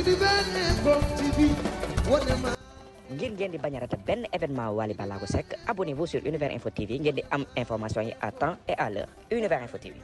ngir ngeen di bañ a benn événement wali Ballago Seck abonnez-vous sur Univers Info TV ngeen di am information yi à temps et à l'heure Univers Info TV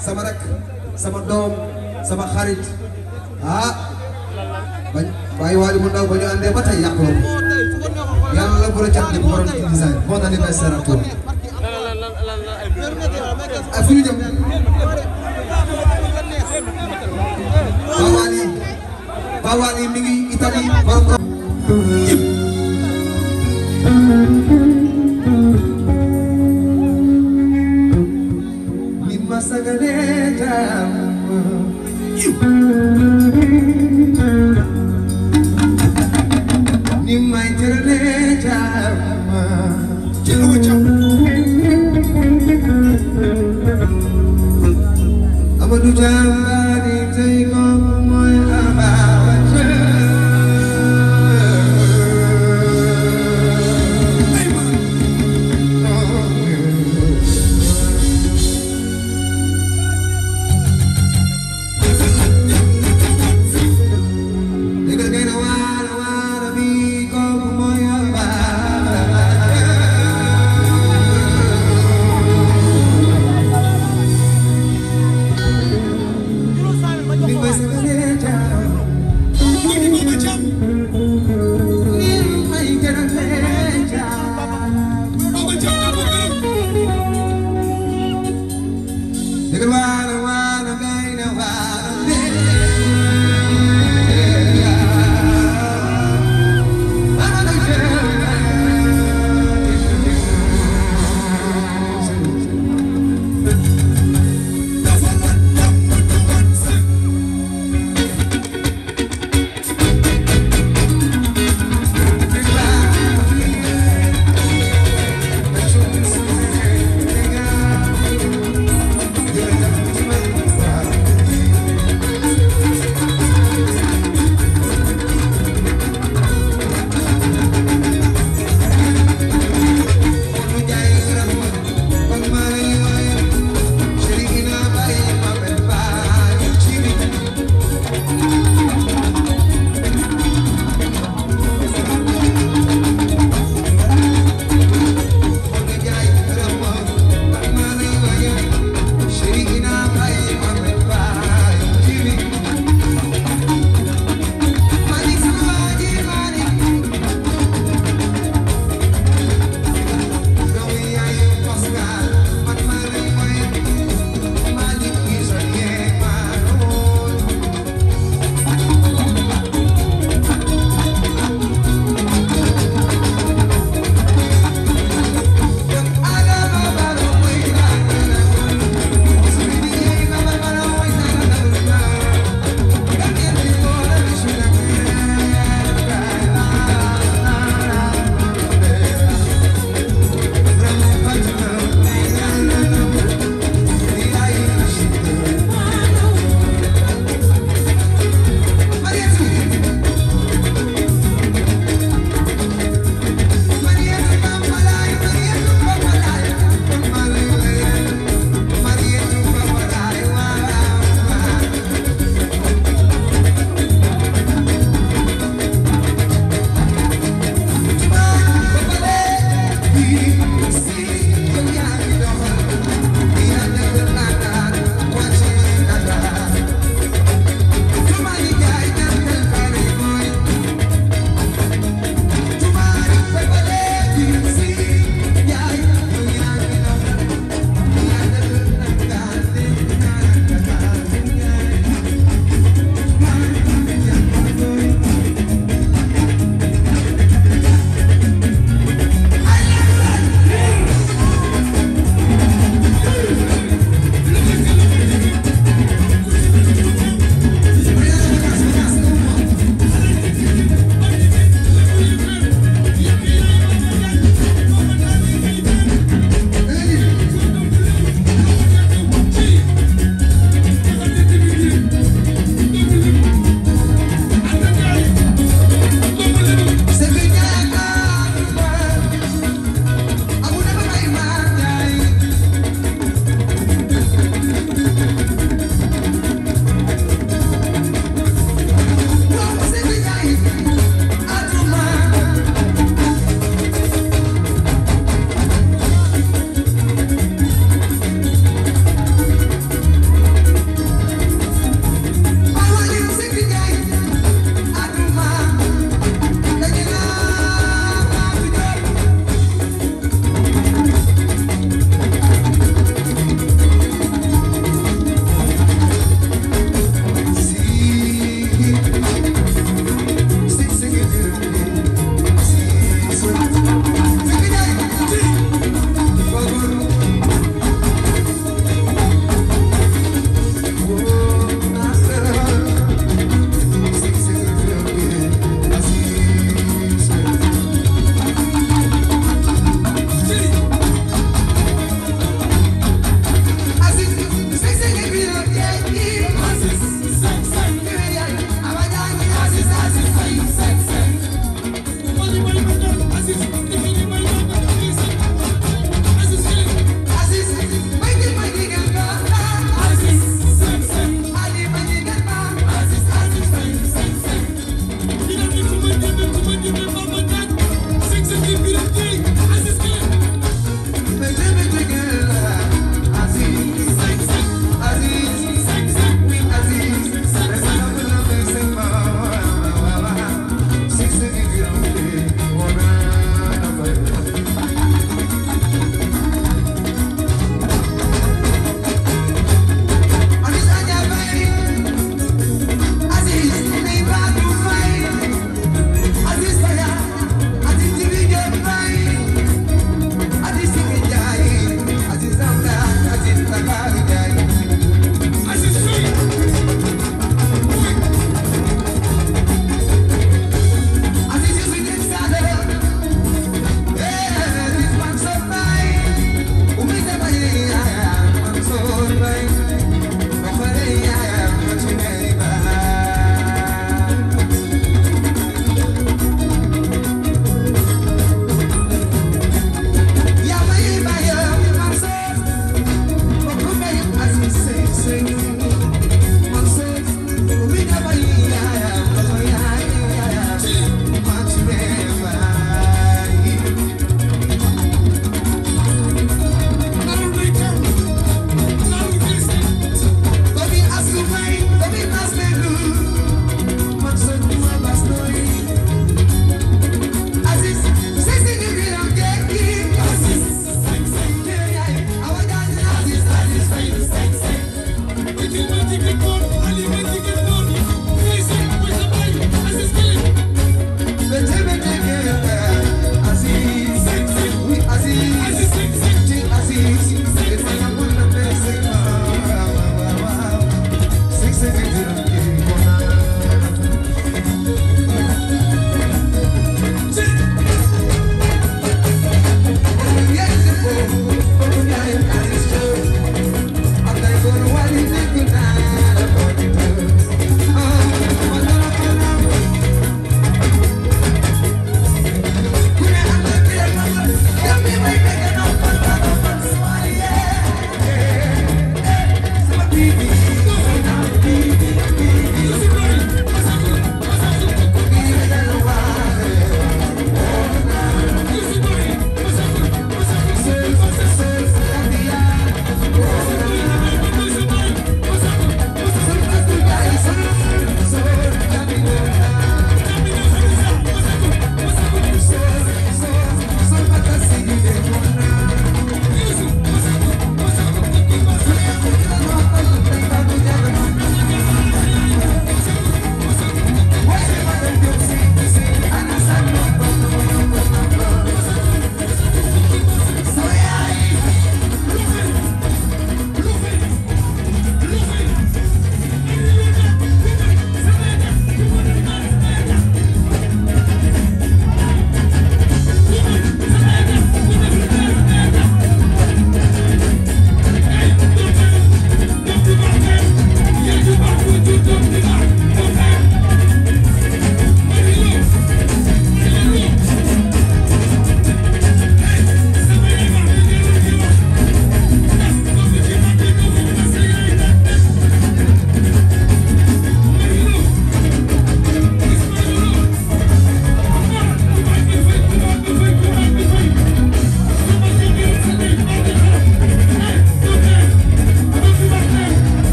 sama rak sama doom sama xarit ah bañ bàyyi waali mu ndaw ba ñu àndee ba tey yàquloo ko yàlla bu la cat ne bu waroon ci design moo tax li may seeraat tuuti. ah fu ñu jëm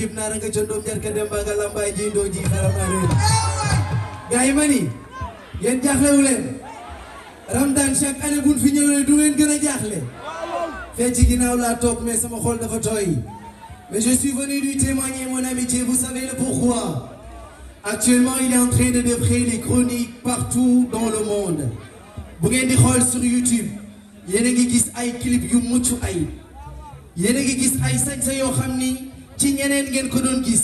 jib naaranga condoom jarka dem baaga lambaay ji doo ji xaram areer gaa yi ma ni yéen jaaxlewu leen Ramadan chaque année buñ fi ñëwee du leen gën a jaaxle fee ci ginnaaw laa toog mais sama xool dafa tooy mais je suis venu lui témoigner mon amitié vous savez le pourquoi actuellement il est en train de défrayer les chroniques partout dans le monde bu ngeen di xool sur YouTube yéen a ngi gis ay clip yu mucc ay yéen a gis ay sañ yoo xam ni Etienne Genkodongis.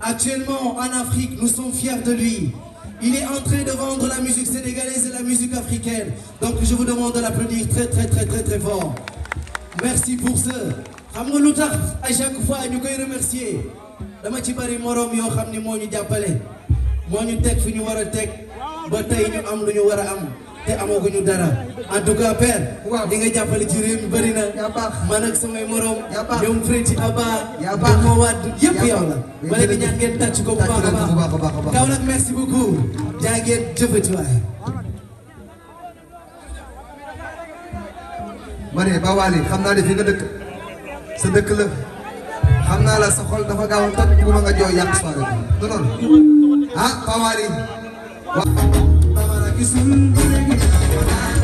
Actuellement en Afrique, nous sommes fiers de lui. Il est en train de vendre la musique sénégalaise et la musique africaine. Donc je vous demande de l'applaudir très très très très très fort. Merci pour ce. xam nga lu tax à fois ñu koy remercier dama ci bari moroom yoo xam ni moo ñu jàppale moo ñu teg fi ñu war a teg ba tey ñu am lu ñu war a am. te amaguñu dara en tout cas père. waaw li nga jàppale ci réew mi bëri na. yaa baax man ak samay morom. yaa baax ñoom Freddy Abba. yaa yëpp yow la. ma di ñaan ngeen tàcc ko bu baax a baax baax Kaolack jaa ngeen jëfati waay. ma ne Ba xam naa ne fi nga dëkk sa dëkk la xam naa la sa xol dafa gaaw a toj bu nga jooy yàq soirée noonu ah Ba gizim buraya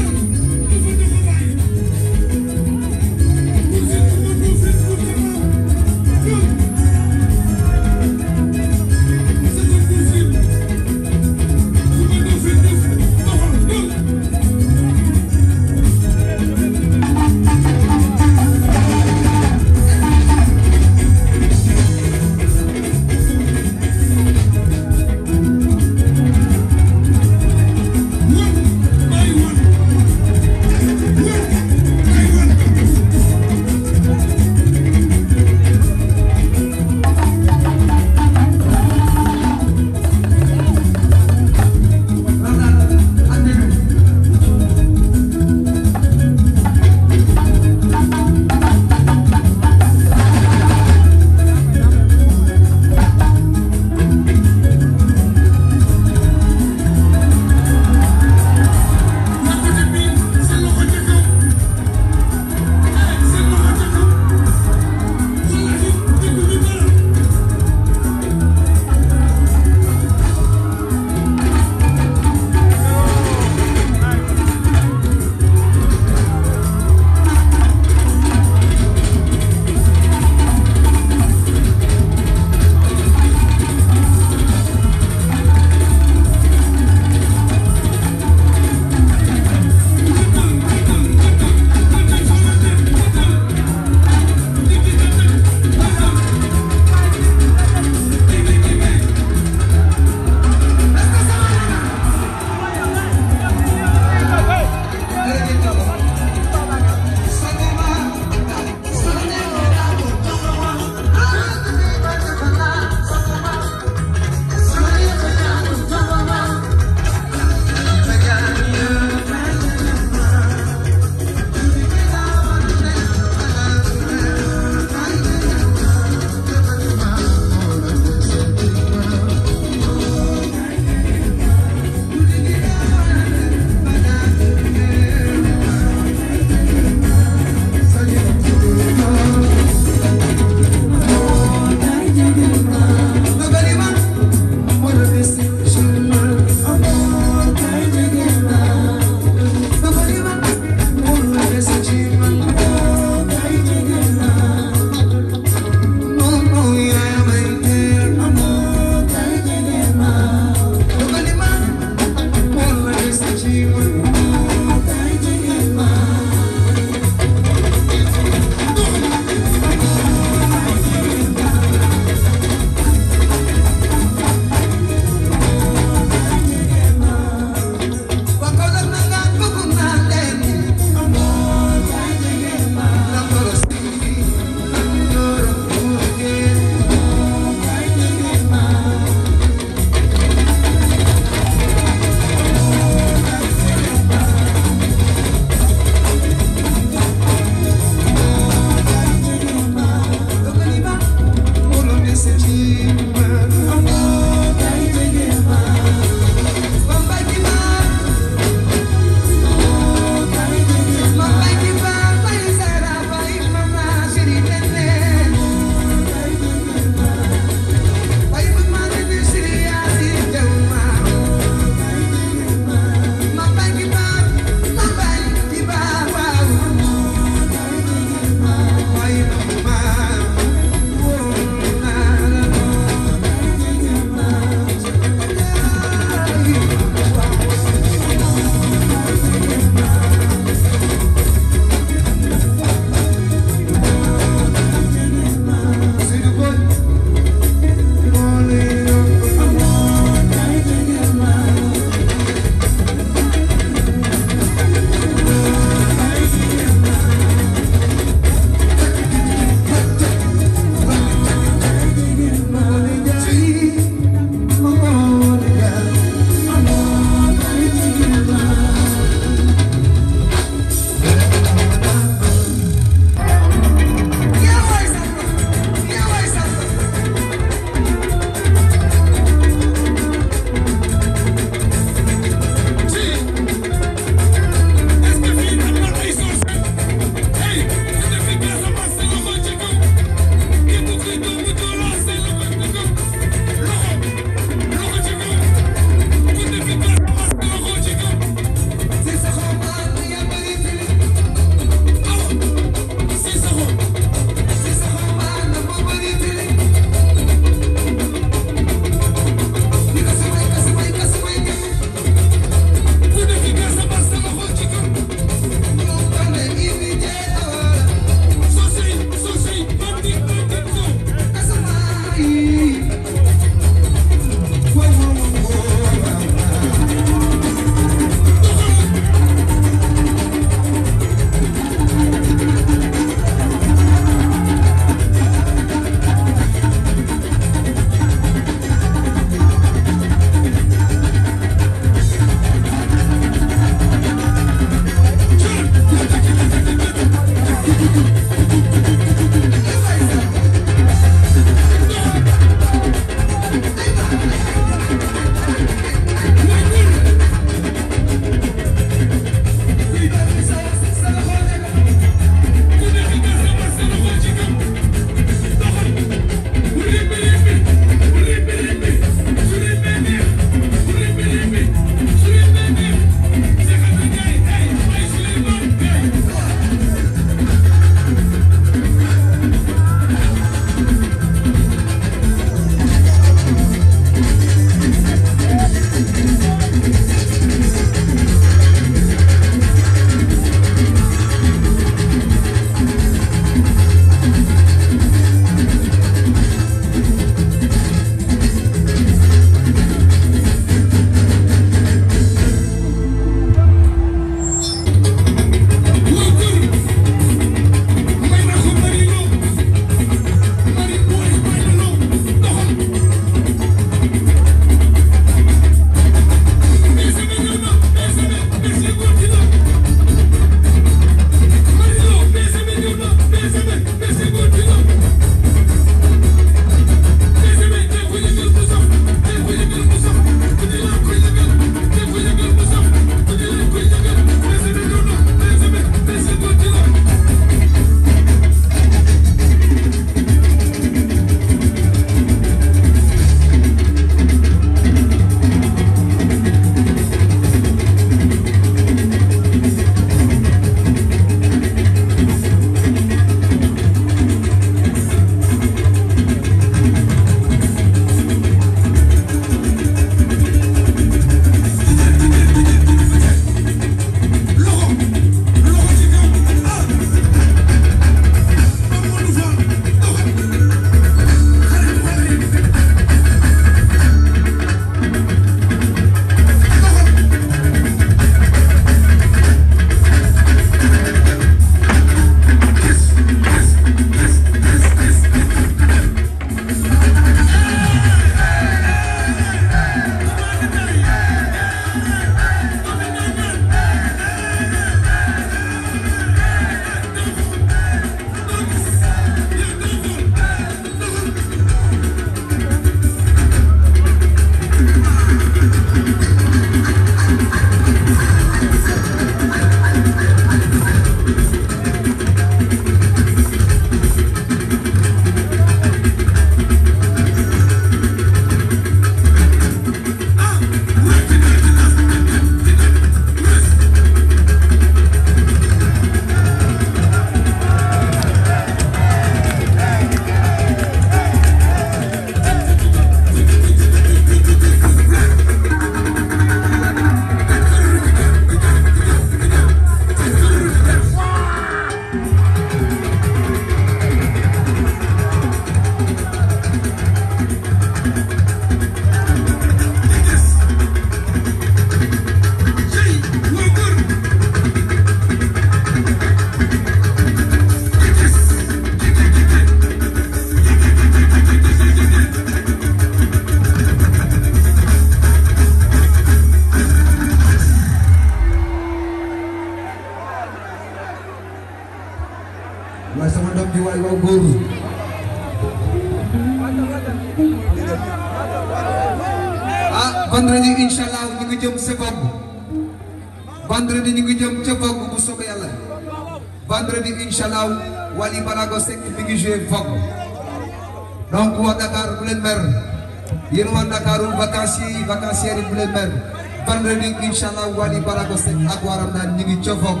incha allah Wally Balago Seck ak waaram naan cofoog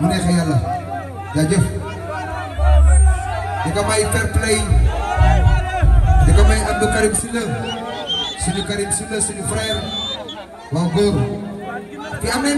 mu neexee yàlla jaajëf di ko may fair play di ko may Abdou Karim Sylla suñu Karim Sylla suñu frère waaw góor fi am nay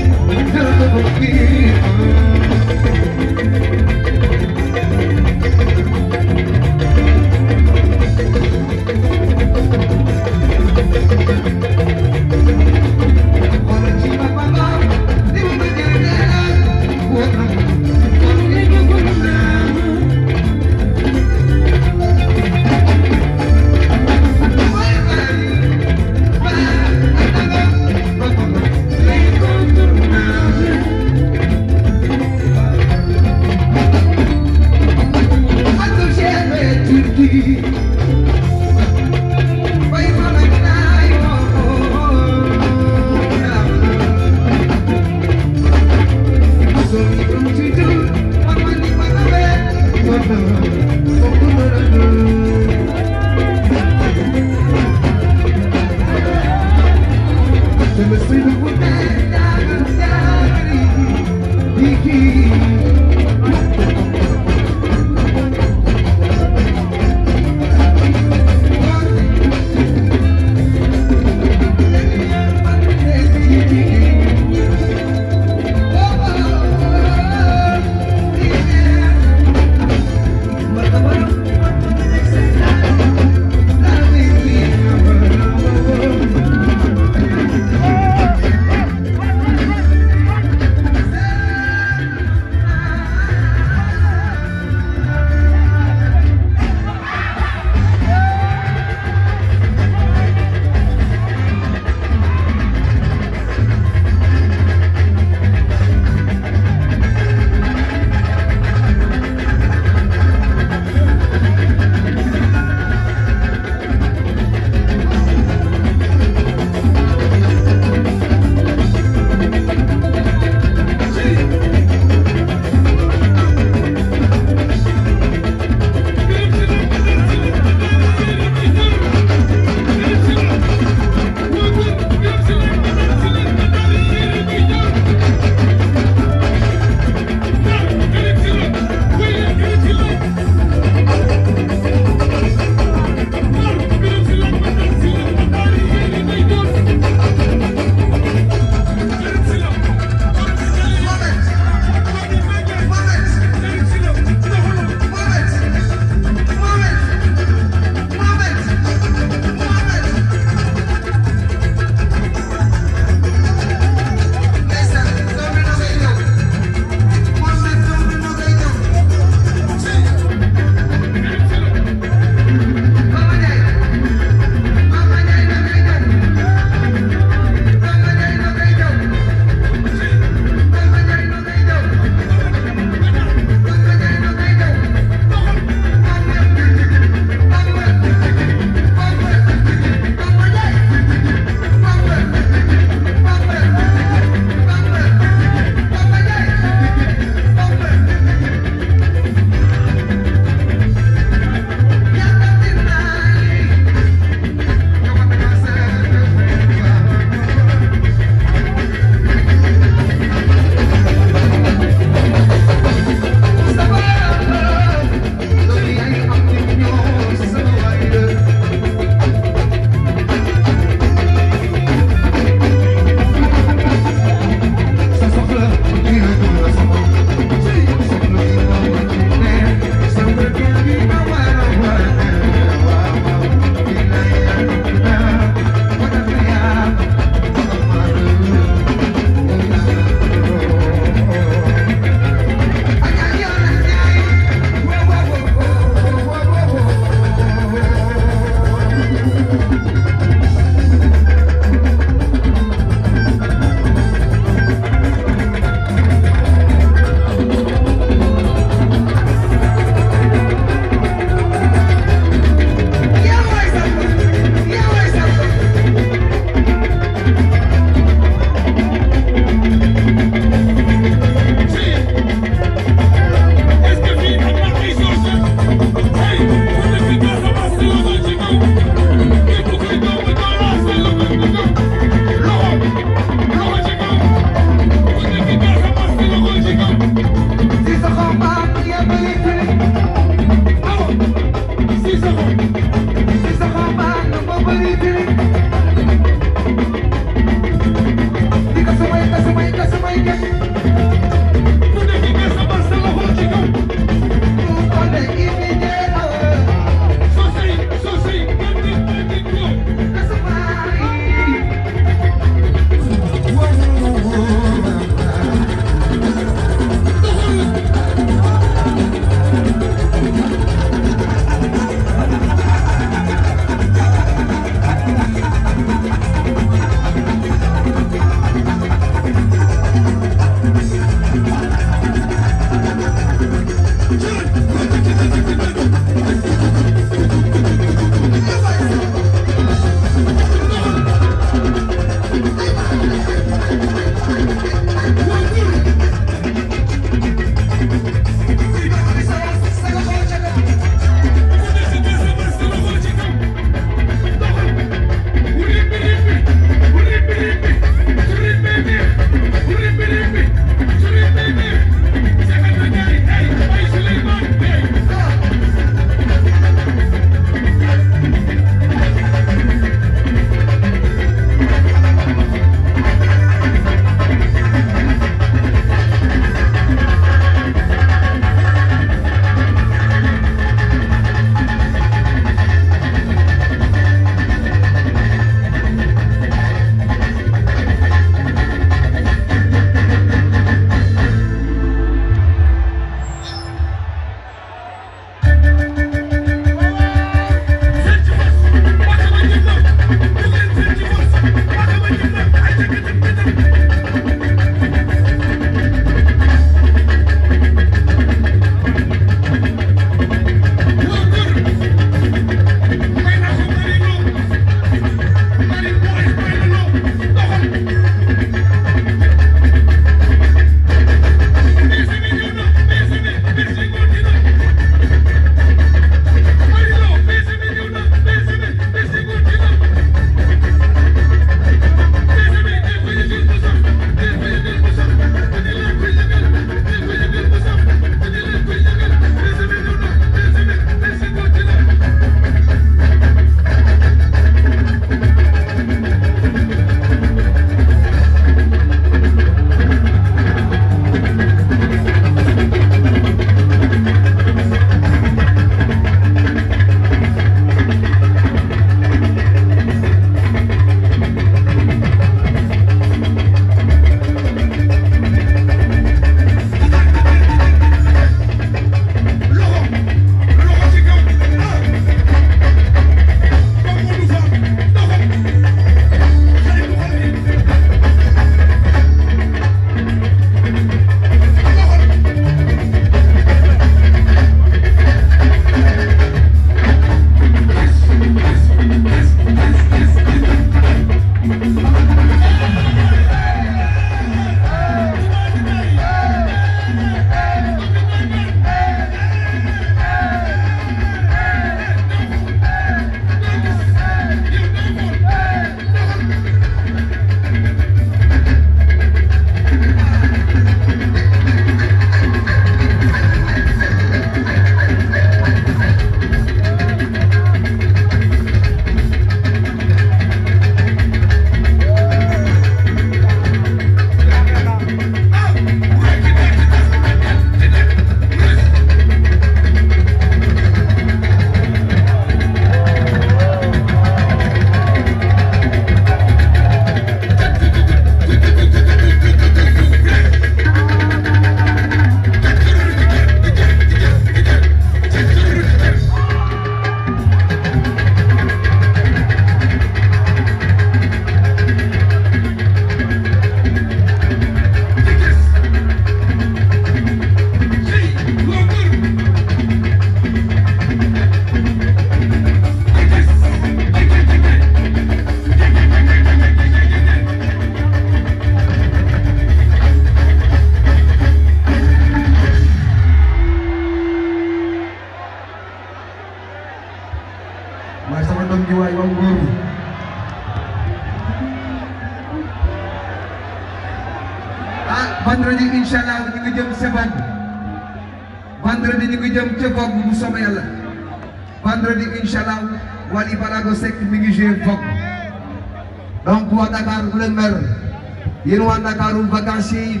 Ndakaaru vacanciers yi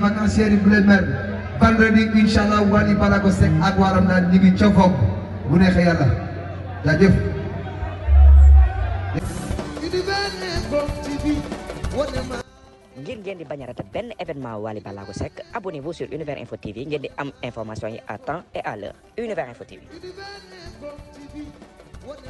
ngir ngeen di bañ a rater benn événement Wally Ballago Seck abonnez-vous sur Univers Info TV ngeen di am information yi à temps et à l'heure Univers Info TV.